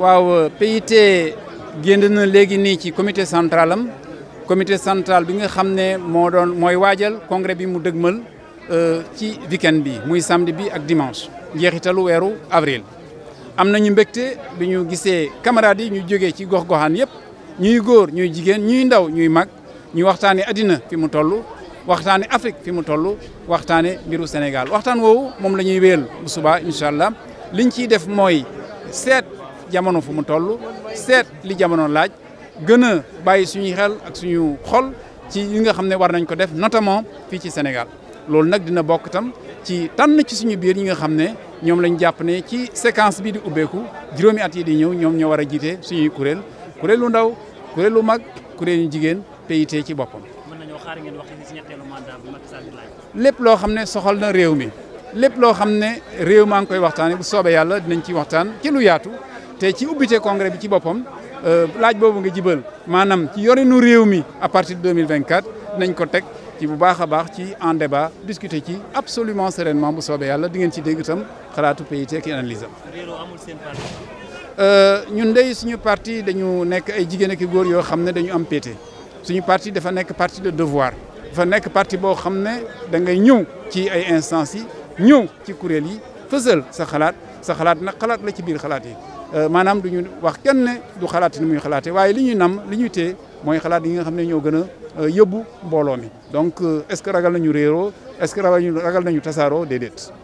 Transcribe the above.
waaw PIT génn na léegi nii ci comité central am comité central bi nga xam ne moo doon mooy waajal congrès bi mu dëgmal euh, ci weekend bi muy samedi bi ak dimanche njeexitalu weeru avril. am na ñu mbégte bi ñu gisee camarades yi ñu jógee ci gox-goxaan yëpp ñuy góor ñuy jigéen ñuy ndaw ñuy mag ñu waxtaanee addina fi mu toll waxtaanee Afrique fi mu toll waxtaanee mbiru Sénégal waxtaan woowu moom la ñuy wéyal bu subaa incha allah liñ ciy def mooy seet. jamono fu mu toll seet li jamono laaj gën a bàyyi suñuy xel ak suñu xol ci yi nga xam ne war nañ ko def notamment fii ci Sénégal loolu nag dina bokk itam ci tan ci suñu biir ñi nga xam ne ñoom lañ jàpp ne ci séquence bi di ubbeeku juróomi at yi di ñëw ñoom ñoo war a jiite suñuy kuréel kuréelu ndaw kuréelu mag kuréel ñu jigéen PIT ci boppam. mën nañoo ngeen wax ci ñetteelu mandat loo xam ne soxal na réew mi lépp loo xam ne réew maa ngi koy waxtaanee bu soobee yàlla dinañ ci waxtaan ci lu yaatu. te ci ubbite congrès bi ci euh laaj bobu nga jibal manam ci yorinu réew mi à partir de 2024 nañ ko tek ci bu baakha baax ci en débat discuter ci absolument sereinement bu sobe yalla di ngeen ci dégg itam xalaatu PIT ak analyse euh ñun dey suñu parti dañu nekk ay jigéen ak i góor yoo dañu am pété suñu parti dafa nekk parti de devoir dafa nekk parti bo xamné da ngay ñew ci ay instances yi ñëw ci kuréel yi fësal sa xalaat sa xalaat nak xalaat la ci biir xalaat yi Euh, maanaam du ñu wax kenn du xalaat ni muy xalaatee waaye li ñuy nam li ñuy téye mooy xalaat yi nga xam ne ñoo gën a euh, yóbbu mbooloo mi donc euh, est-ce que ragal nañu réeroo est-ce que ragal nañu tasaaroo déedéet.